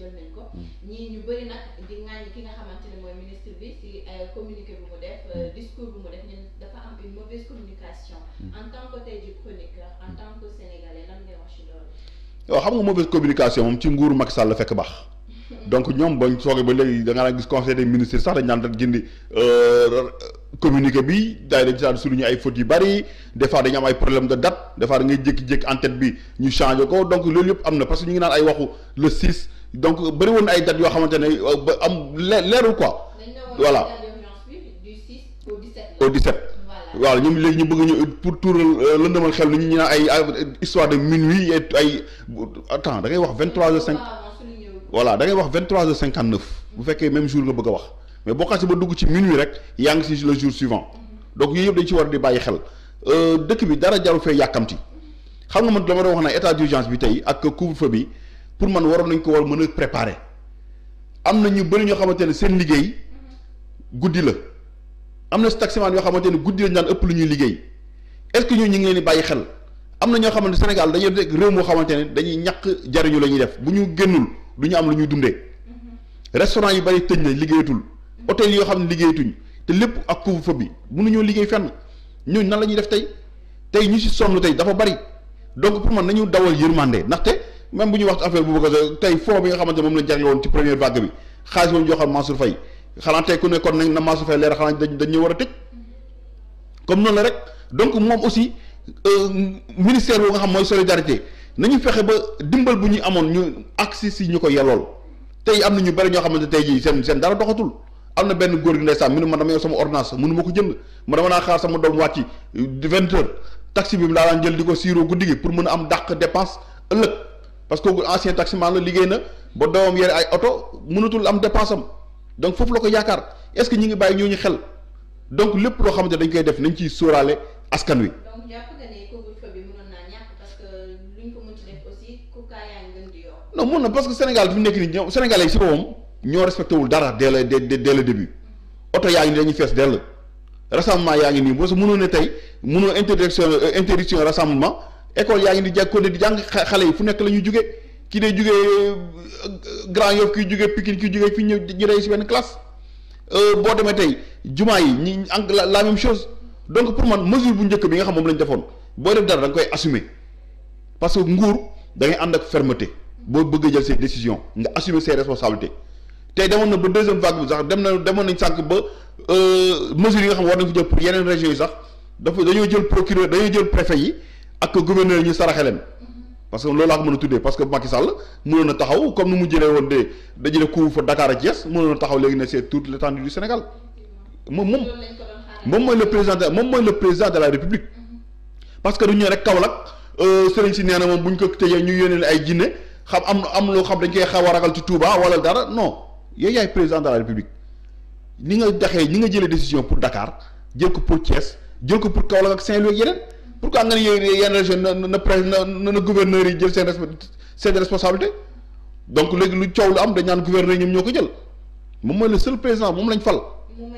jël mm. ñu bëri nag di ŋàññi ki nga xamante ne mooy ministre bi si euh, communiqué bu euh, mm. dafa mm. xam nga mauvaise communication moom ci nguuru Macky Sall la fekk baax. donc ñoom bañ soogee ba léegi da ngaa gis conseil des ministres sax dañ naan rek jëndi euh, communiqué bi daay dañ daan souligner ay fautes yu bari des fois dañu am ay problème de date des fois da ngay jékki-jékki en bi ñu changé ko donc loolu yëpp am na parce que ñu ngi naan ay waxu le 6. donc bëri woon ay dates yoo xamante ne euh, ba am leerul quoi. voilà au 17. voilà ñoom léegi ñu bëgg ñu pour tour euh, lëndëmal xel ñu ñu naan ay histoire de minuit et ay attends da ngay wax 23 heures 5 voilà da ngay wax 23 heures 59 bu fekkee même jour nga bëgg a wax mais boo xasee ba dugg ci minuit rek yaa ngi si le jour suivant mhm. donc yooyu yëpp dañ ci war di bàyyi xel euh, dëkk bi dara jaru fee yàkkamti xam nga man dama doon wax ne état d'urgence bi tey ak couvre bi. pour man waroon nañ ko war mën a préparer am na ñu bëri ñoo xamante ne seen liggéey guddi la am na si taximaan yoo xamante ne guddi lañ daan ëpp lu ñuy liggéey est ñooñu ñu ngi leen bàyyi xel am na ñoo xamante Sénégal dañoo nekk réew moo xamante ne dañuy ñàkk jariñu la ñuy def bu ñu génnul du ñu am lu ñuy dundee restaurant yu bari tëj na liggéeyatul hôtel yoo xam ne liggéeyatuñ te lépp ak bi mu bi ñoo liggéey fenn ñooñu na la ñuy def tey tey ñu si tey dafa bari donc pour man nañu dawal yërmande ndaxte même bu ñuy wax affaire bu bëgg tey fond bi nga xamante moom lañ jagle woon ci première vague bi xaalis moom joxal Mansour Faye xanaa tey ku ne kon nañ na Mansour Faye leer xanaa dañ a tëj comme noonu la rek donc moom aussi euh, ministère bu nga xam mooy solidarité nañu fexe ba dimbal bu ñu amoon ñu agsi si ñu ko yellool tey am na ñu bëri ñoo xamante tey jii seen seen dara doxatul am na benn góor gi ndeysaan mu ne ma dama yor sama ordonnance mënu ma ko jënd ma dama naa xaar sama doom wàcc vingt heures taxi bi mu daa daan jël di ko siiroo guddi gi pour mën a am dàq dépense ëllëg parce que kooku ancien taximan la liggéey na ba doomam yore ay oto mënatul am dépense am donc foofu la ko yaakaar est ce que ñu ngi bàyyi ñu xel donc lépp loo xamante dañ koy def nañ ciy sóoraale askan wi. donc ci def aussi ku kaa yaa ngi gën di yokk. non mun na parce que Sénégal fi nekk nii ñoom Sénégalais yi si boppam ñoo respecté wul dara dès le dell dès le début mm-hmm. oto yaa ngi nii dañuy fees dell rassemblement yaa ngi nii parce que mënoon ne tey mënoo interdiction euh, interdiction rassemblement. école yaa ngi di jàkkoon di jàng xale yi fu nekk la ñuy jugee kii day jugee euh, Grand Yoff ki juge Pikine kii jugee fi ñu ñu rey si benn classe euh, boo demee tey jumaa yi ñi en la la même chose donc pour man mesure bu njëkk bi nga xam moom lañu defoon boo def dara danga koy assumer parce que nguur da ngay ànd ak fermeté boo bëgg a jël ses décision nga assumer ses responsabilités tey demoon na ba deuxième vague bi sax dem na demoon nañ sànq ba euh, mesures yi nga xam war nañ ko jël yeneen régions yi sax dafa dañoo jël procureur dañoo jël préfet yi. ak gouverneur yi ñu saraxe leen parce que loolu laa ko mën a tuddee parce que Macky Sall mënoon na taxaw comme ni mu jëlee woon de dajale couvre-feu Dakar ak Thiès mënoon na taxaw léegi ne c'est toute l'étendue du Sénégal moom moom moom mooy le président de moom mooy le président de la République parce que du ñu rek Kaolack euh, sëriñ si nee na moom bu ñu ko tëjee ñu yónnee ay jinne xam am am loo xam dañ koy xaw a ragal ci Touba wala dara non yow yaay président de la République ni nga daxee ñi nga jëlee décision pour Dakar jël ko pour Thiès jël ko pour Kaolack ak Saint-Louis yeneen. pourquoi nga ne yooyu yenn région na na na na gouverneurs yi jël seen respect seen responsabilité donc léegi lu coow lu am dañ naan gouverneur ñoom ñoo ko jël moom mooy le seul président moom lañ fal. mu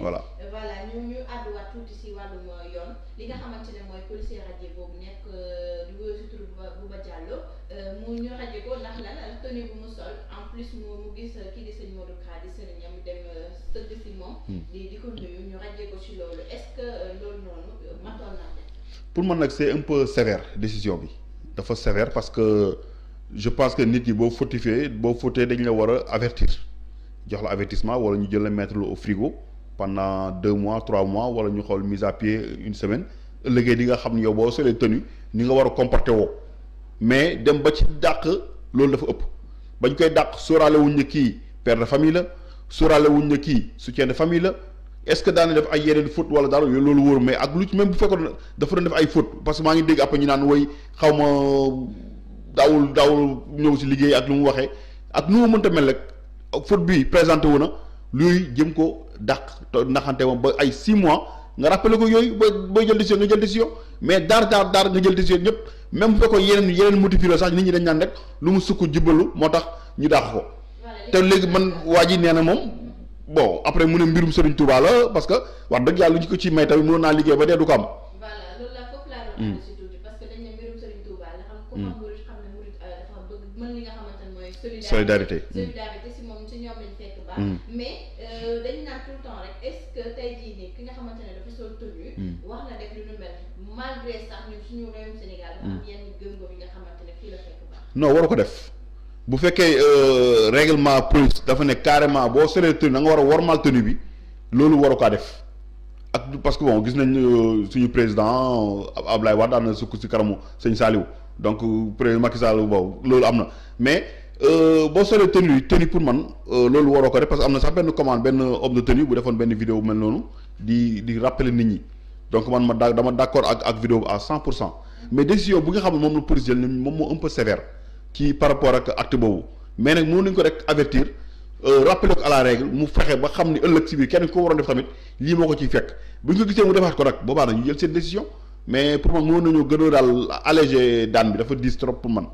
voilà. voilà ñu ñu àdduwaat tuuti si wàllum euh, yoon li nga xamante ne mooy policier rajo boobu nekk euh, di wóor si tur Bouba Diallo euh, mu ñu rajo ko ndax lan tenue bu mu sol en moom. Hmm. di di nuyu ñu rajo ko si loolu est-ce que loolu noonu matoon naa leen. pour man nag c'est un peu sévère décision bi dafa sévère parce que je pense que nit ñi boo fautifee boo fautee dañu la war a avertir jox la avertissement wala ñu jël la mettre lu au frigo. pendant deux mois trois mois wala ñu xool mise à pied une semaine liggéey di nga xam ne yow boo solee tenue ni nga war a comporté woo mais dem ba ci dàq loolu dafa ëpp bañ koy dàq sóoraale wuñ ne kii per de famille la sóoraale wuñ ne kii soutien de famille la est-ce que daana def ay yeneen faute wala dara yooyu loolu wóor mais ak lu ci même bu fekkoon dafa doon def ay faute parce que maa ngi dégg après ñu naan woy xaw ma daawul daawul ñëw si liggéey ak lu mu waxee ak nu mu mënta mel rek faute présenté wu na. luy jëm ko dàq naxante moom ba ay six mois nga rappelé ko yooyu boo booy jël décision nga si décision mais daar daar daar nga jël décision ñëpp même bu fekkoon yeneen yeneen motif sax nit ñi dañ naan rek lu mu sukk jubbalu moo tax ñu dàq ko. te léegi man waa ji nee na moom bon après mu ne mbirum Serigne Touba la parce que wax dëgg yàlla lu ñu ko ci may tamit mënoon naa liggéey ba dee du ko am. Hmm. Hmm. Euh, solidarité hmm. solidarité si moom si baax mm. mais euh, dañu naan tout temps rek est tey jii nii ki nga xamante ne dafa sol tenue mm. wax na def lu nu mel malgré sax ñun suñu réewum Sénégal dafa am mm. yenn gëm-gëm yi nga ko def bu fekkee euh, règlement police dafa ne carrément boo solee tenue da war a bi loolu waru kaa def ak parce que bon gis nañ euh, suñu président ab Ablaye Wade daan na sukk si kanamu sëñ Saliou donc président Macky Sall boobu loolu am na mais Euh, boo solee tenue tenue pour man euh, loolu waroo ko rek parce que am na sax benn commande benn homme de tenue bu defoon benn vidéo bu mel noonu di di rappeler nit ñi donc man ma daa dama d' accord ak ak vidéo bi mais décision bu nga xam ne moom la police jël ni moom moo un peu sévère ci par rapport ak acte boobu mais nag mënu nañu ko rek avertir euh, rappeler ko à la règle mu fexe ba xam ni ëllëg si biir kenn ko waroon def tamit lii moo ko ciy fekk bu ñu ko gisee mu defaat ko nag boobaa mais pour man mënoon nañoo gën a daal alléger daan dafa diis trop pour man.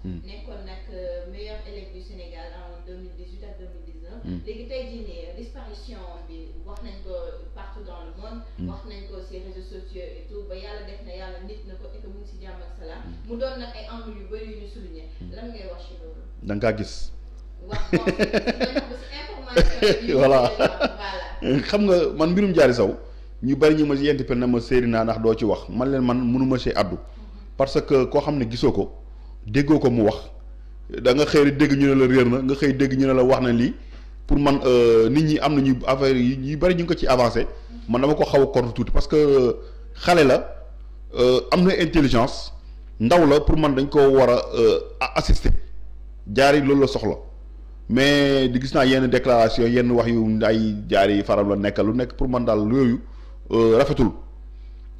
Hmm. nekkoon nag euh, meilleur élève Sénégal en deux mille dix huit ak deux mille dix neuf. Hmm. léegi tey jii nii euh, disparition bi wax nañ ko partout dans le monde. Hmm. wax nañ ko si réseaux sociaux et tout ba yàlla def na yàlla nit na ko et que si jàmm ak salaam mu doon nag ay angles yu bëri yu ñu souligné lan wax si loolu. da gis. wax xam nga man mbirum jaari saw ñu bari ñu ma si interpellé na ma séeri naa ndax doo ci wax man leen man mënuma see addu parce que koo xam ne gisoo ko. déggoo ko mu wax da nga xëy dégg ñu ne la réer na nga xëy dégg ñu ne la wax na lii pour man euh, nit ñi am na ñu affaire yi yu bëri ñu ngi ko ci avancé man dama ko xaw a contre tuuti parce que xale la euh, am na intelligence ndaw la pour man dañ ko war a euh, assister jaari loolu la soxla mais di gis naa yenn déclaration yenn wax yu ay jaari faram la nekka lu nekk pour man daal yooyu rafetul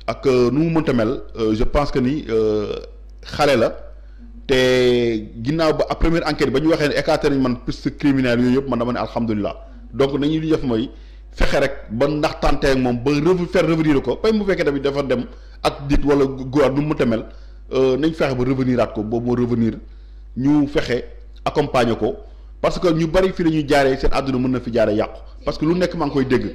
ak nu mu mënta mel je pense que ni xale la te ginnaaw ba première enquête ba ñu waxee ne écarté nañ man piste criminelle yooyu yëpp man dama ne alhamdulilah donc nañu li def mooy fexe rek ba ndax tànte moom ba revu faire revenir ko bay mu fekkee tamit dafa dem ak dit wala góor nu mu tamel euh, nañ fexe ba revenir aat ko boobu moo revenir ñu fexe accompagner ko parce que ñu bari fii la ñuy jaaree seen àdduna mën na fi jaare yàqu parce que lu nekk maa ngi koy dégg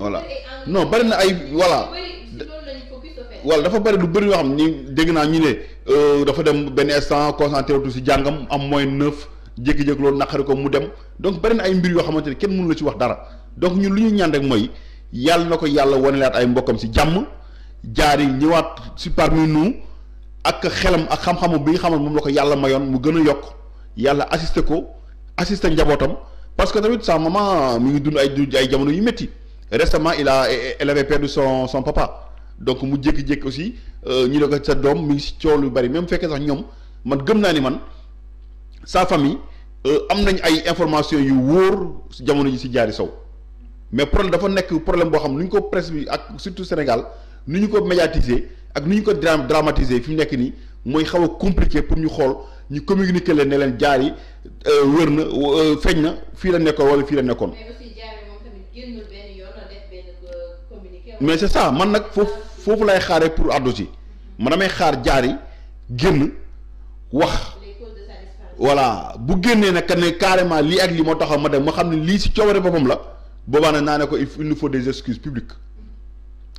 voilà non bari na ay voilà wala dafa bari lu bëri yoo xam ni dégg naa ñu ne euh, dafa dem benn instant concentré wutu si jàngam am mooy neuf jékki-jékki loolu naqari ko mu dem donc bari na ay mbir yoo xamante ne kenn mënu la ci wax dara donc ñun lu ñuy ñaan rek mooy yàlla na ko yàlla wanelaat ay mbokkam si jàmm jaari ñëwaat si parmi nous ak xelam ak xam-xamu bi nga xamoon moom la ko yàlla mayoon mu gën a yokk yàlla assisté ko assisté njabootam parce que tamit sa maman ngi dund ay ay jamono yu métti. récemment il a elle perdu son son papa donc mu jékki-jékki aussi euh, ñu ne ko sa doom mi ngi si coow lu bari même fekkee sax ñoom man gëm naa ni man sa famille euh, am nañ ay information yu wóor jamono ji si jaari sow mais problème dafa nekk problème boo xam nu ñu ko presse bi ak surtout Sénégal nu ñu ko médiatiser ak nu ñu ko dramatiser fi mu nekk nii mooy xaw a pour ñu xool ñu communiquer leen ne leen jaari euh, wër na feeñ na fii la nekkoon wala fii la nekkoon. mais c'est ça man nag foofu foofu lay xaaree pour àddu si man damay xaar jaari génn wax voilà bu génnee nag ne carrément lii ak lii moo taxaw ma dem ma xam ne lii si coobare boppam la boobaa nag naa ne ko il nous faut des excuses publiques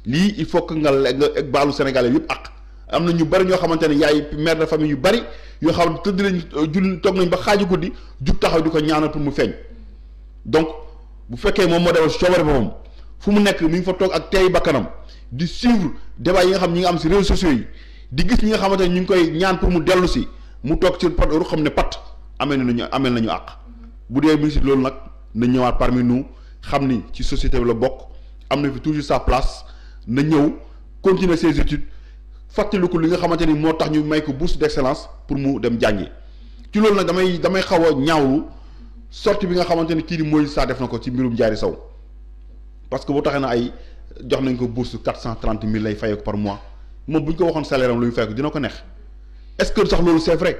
lii il faut que nga nga baalu Sénégalais yëpp ak am na ñu bari ñoo xamante ne yaay mère de famille yu bari yoo xam ne tëdd nañ jul toog nañ ba xaaju guddi jug taxaw di ko ñaanal pour mu feeñ donc bu fekkee moom moo demal si coobare fu mu nekk mi ngi fa toog ak tey bakkanam di suivre débat yi nga xam ñi nga am si réseaux sociaux yi di gis ñi nga xamante ne ñu ngi koy ñaan pour mu dellu si mu toog ci pat ru xam ne pat amee nañu amee nañu àq bu dee ministre loolu nag na ñëwaat parmi nu xam ni ci societé bi la bokk am na fi toujours sa place na ñëw continuer ses études fàttaliku li nga xamante ni moo tax ñu may ko bourse d'excellence pour mu dem jàngi ci loolu nag damay damay xaw a ñaawlu sortie bi nga xamante ni kii di Moïse def na ko ci mbirum Ndiary Sow parce que boo taxee na ay jox nañ ko bourse quatre cent trente mille lay par mois moom bu ñu ko waxoon salaire am lu fay ko dina ko neex est que sax loolu c'est vrai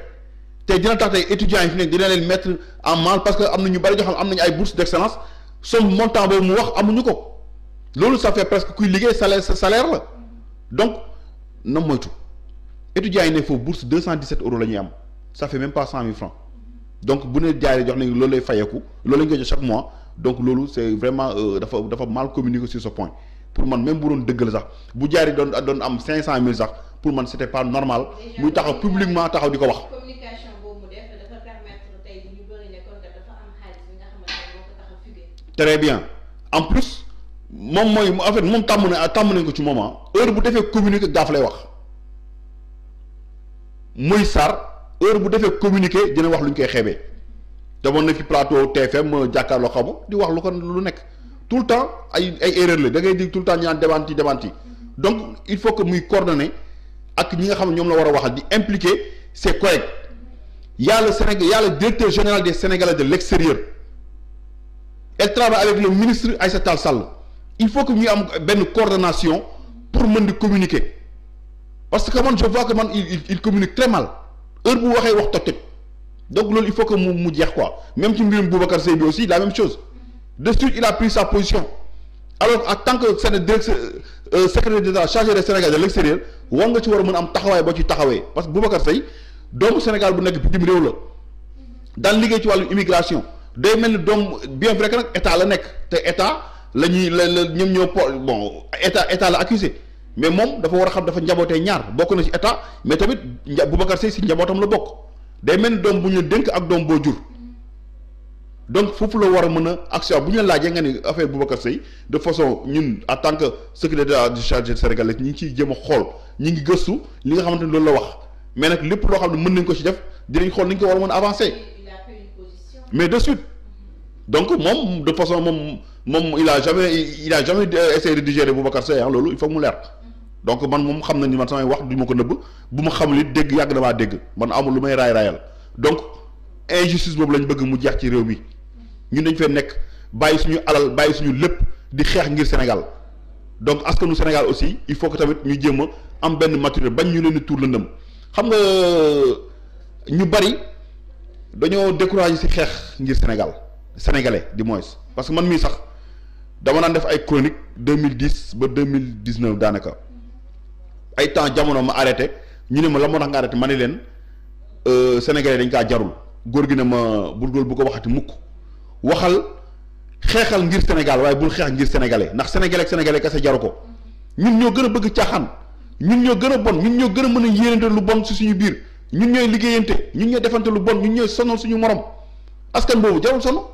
te dina tax tey étudiants yi fi nekk dina leen mettre en mal parce que am na ñu bari ñoo xam am nañu ay bourse d'excellence son montant boobu mu wax amuñu ko loolu ça fait presque kuy liggéey salaire sa salaire la donc na moytu étudiants yi ne foofu bourse deux cent dix-sept euros la ñuy am ça fait pas cent mille francs donc bu ne jaaree jox nañ loolu lay fayeeku loolu lañ koy mois donc loolu c'est vraiment euh, dafa dafa mal communiqué sur ce point pour man même bu doon dëgg sax bu jaari doon doon am cinq cent mille sax pour man c'était pas normal muy taxaw publiquement taxaw di ko wax très bien en plus moom mooy en fait moom tàmm na tàmm nañ ko ci moment ah. heure bu defee communiqué gaaf lay wax muy sar heure bu defee communiqué dina wax lu koy xeebee demoon na fi plateau TFM euh, jàkkaarloo xaw ma di wax lu ko lu nekk tout le temps ay ay erreur la da ngay dégg tout le temps ñu naan démenti donc il faut que muy coordonné ak ñi nga xam ñoom la war a waxal di impliqué c'est correct yàlla a le Sénégal y directeur général des Sénégalais de l'extérieur elle travaille avec le ministre Aïssata Tall Sall il faut que muy am benn coordination pour mën di communiquer parce que man je vois que man il il communique très mal heure waxee wax toj donc loolu il faut que mu mu jeex quoi même ci mbirum Boubacar Seye bi aussi la même chose de suite il a pris sa position alors en tant que seen directeur euh, secrétaire d'État chargé des de l'extérieur war nga ci war a mën am taxawaay boo ci taxawee parce que Boubacar Seye doomu Sénégal bu nekk bitim réew la daan liggéey ci wàllu immigration day mel ni doom bien vrai que nag état la nekk te état la ñuy la la ñoom ñoo po bon état état la accusé mais moom dafa war a xam dafa njabootee ñaar bokk na ci état mais tamit Boubacar Seye si njabootam la bokk. day mel ni doom bu ñu dénk ak doom boo jur donc foofu la war a mën a action bu ñu laajee nga ni affaire Boubacar Seye de façon ñun en tant que secrétaire du chargé sénégalais ñi ngi ciy jéem a xool ñi ngi gëstu li nga xamante ni loolu la wax mais nag lépp loo xam ne mën nañ ko ci def dinañ xool nañ ko war a mën a avancer mais de suite donc moom de façon moom moom il a jamais il a jamais essayé de digérer Boubacar Seye ah loolu il faut mu leer. donc man moom xam na ni man samay wax du ma ko nëbb bu ma xamul it dégg yàgg damaa dégg man amul lu may raay raayal donc injustice boobu lañ bëgg mu jeex ci réew mi ñun dañ fee nekk bàyyi suñu alal bàyyi suñu lépp di xeex ngir Sénégal donc askanu Sénégal aussi il faut que tamit ñu jéem am benn maturité bañ ñu leen tour tuur lëndëm xam nga euh, ñu bari dañoo découragé ci xeex ngir Sénégal sénégalais di moise parce que man mii sax dama naan def ay chronique deux mille dix ba deux mille dix neuf daanaka. ay temps jamono ma arrêté ñu ne ma la moo tax nga arrêté ma ne leen euh, sénégalais dañ kaa jarul góor gi na ma bul góor bu ko waxati mukk waxal xeexal ngir Sénégal waaye bul xeex ngir sénégalais ndax sénégalais ak sénégalais kese jaru ko ñun ñoo gën a bëgg caaxaan ñun ñoo gën a bon ñun ñoo gën a mën a yéenante lu bon si suñu biir ñun ñooy liggéeyante ñun ñooy defante lu bon ñun ñooy sonal suñu morom askan boobu jarul sono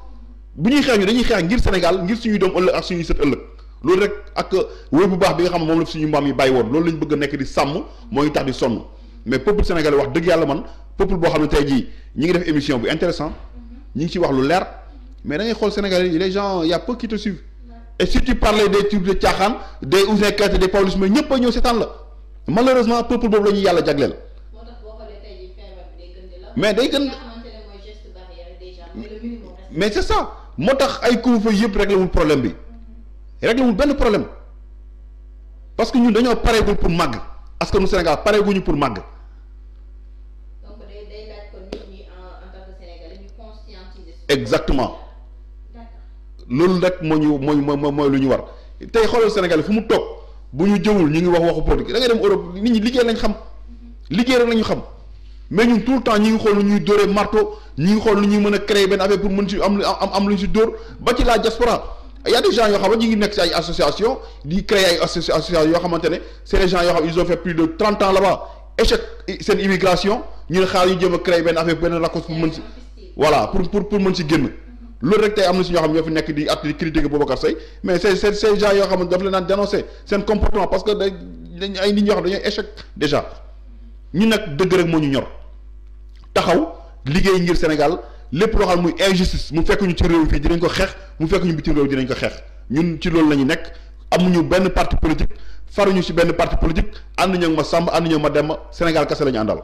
bu ñuy xeex ñu dañuy xeex ngir Sénégal ngir suñuy doom ëllëg ak suñuy sët ëllëg loolu rek ak wóor bu baax bi nga xam ne moom la suñu maam yi bàyyi woon loolu lañ bëgg nekk di sàmm mooy tax di sonn mais peuple sénégalais wax dëgg yàlla man peuple boo xam ne jii ñi ngi def émission bu intéressant ñi ngi ci wax lu leer mais da xool sénégalais y a peu qui te suivent et si tu parlais des tur de caaxaan des Ouzin Keita des Pawlish mais ñëpp a ñëw seetaan la la ñuy yàlla jagleel. mais day gën mais c'est moo tax ay couvre-feu yëpp réglé wul problème bi. réglé wul benn problème parce que ñun dañoo pare pour màgg askanu Sénégal pareeguñu pour màgg. donc day day laaj kon nit ñu conscientiser. exactement loolu nag moo ñu mooy mooy lu ñu war te xoolal Sénégal fu mu toog bu ñu jëwul ñu ngi wax waxu produit da ngay dem Europe nit ñi liggéey lañ xam mhm. liggéey rek lañu xam mais ñun tout le temps ñi ngi xool nu ñuy dóoree marto ñi ngi xool lu ñuy mën a créer benn affaire pour mën si am am am lu ñu si dóor ba ci la diaspora. y a des yoo xam ne ñu ngi nekk ci ay association di créer ay association yoo xamante ne c'est des gens yoo xam ils ont fait plus de trente ans là échec seen immigration ñu xaar yu jëm a créer benn affaire benn rakos pour mën si voilà pour pour pour si génn loolu rek tey am na si ñoo xam ñoo fi nekk di at di critiquer Boubacar Seye mais c'est c'est ces yoo xam ne daf leen naan dénoncer seen comportement parce que day dañ ay échec déjà ñu nag dëgg rek moo ñu ñor taxaw liggéey ngir Sénégal lépp loo xam muy injustice mu fekkuñu ñu ci réew fii dinañ ko xeex mu fekk ñu bitim réew dinañ ko xeex ñun ci loolu la ñu nekk amuñu benn parti politique faruñu ci benn parti politique ànduñu ak ma sàmb ànduñu ak ma dem Sénégal kese la ñu àndal.